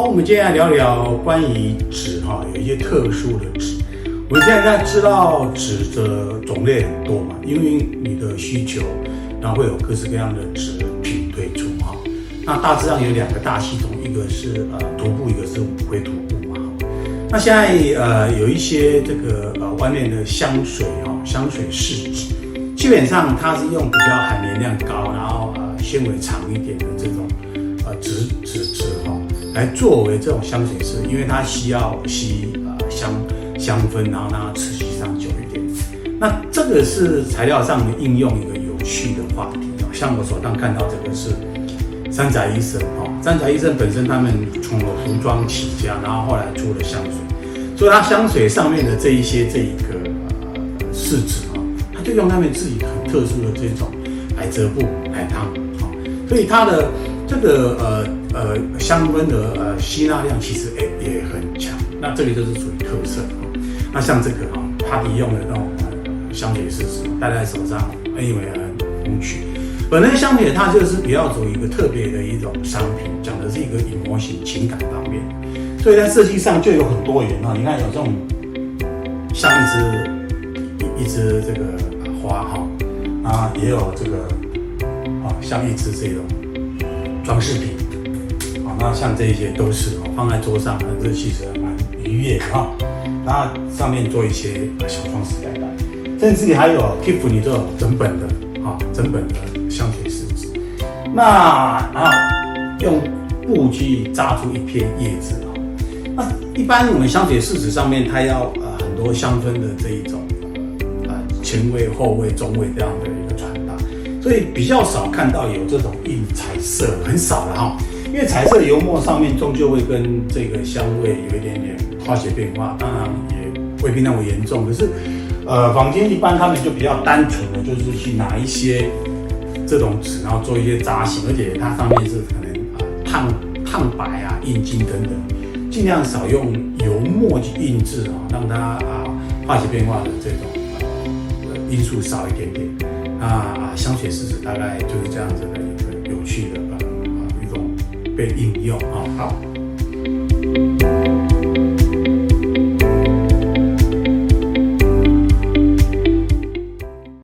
好，我們接下來聊聊關於紙哈，有一些特殊的紙。我們現在知道紙的種類很多嘛，因為你的需求，然後會有各式各樣的紙品推出哈、哦。那大致上有兩個大系統，一個是呃塗布，一個是不會塗布嘛。那現在呃有一些這個呃外面的香水哈、哦，香水試紙，基本上它是用比較含棉量高，然後呃纖維長一點的這種呃紙紙質哈。來作為這種香水是，因為它需要吸香香氛，然後讓它持續上久一點。那這個是材料上的應用一個有趣的話題，像我手上看到這個是三宅一生，三宅一生本身他們從了服裝起家，然後後來出了香水，所以它香水上面的這一些這一個試紙啊，它、呃、就用他們自己很特殊的這種百褶布、海湯，哦、所以它的。這個呃呃香氛的呃吸納量其實也也很強，那這裡就是屬於特色，那像這個哈、哦，它迪用的那種、呃、香水試紙戴在手上，因為很風趣。本來香水它就是比較屬於一個特別的一種商品，講的是一個隱模型情感方面，所以在設計上就有很多元啊、哦。你看有這種像一只一一只這個花哈啊，也有這個啊像一只這種。裝飾品，好，那像這些都是哦，放在桌上，那這其實蠻愉悅的哈。那、 啊、上面做一些小裝飾來，甚至還有啊 keep 你都有整本的啊，整本的香水試紙。那啊，用布去扎出一片葉子啊。那一般我們香水試紙上面，它要呃很多香氛的這一種，啊前味、後味、中味這樣的。對所以比較少看到有這種印彩色，很少了哈。因為彩色油墨上面終究會跟這個香味有一點點化學變化，當然也未必那麼嚴重。可是，呃，坊間一般他們就比較單純的，就是去拿一些這種紙，然後做一些軋型，而且它上面是可能啊，燙、呃、燙白啊、印金等等，盡量少用油墨去印製啊，讓它啊、呃、化學變化的這種、呃、因素少一點點。那啊，香水試紙大概就是這樣子的一個有趣的啊，一種被應用啊，好。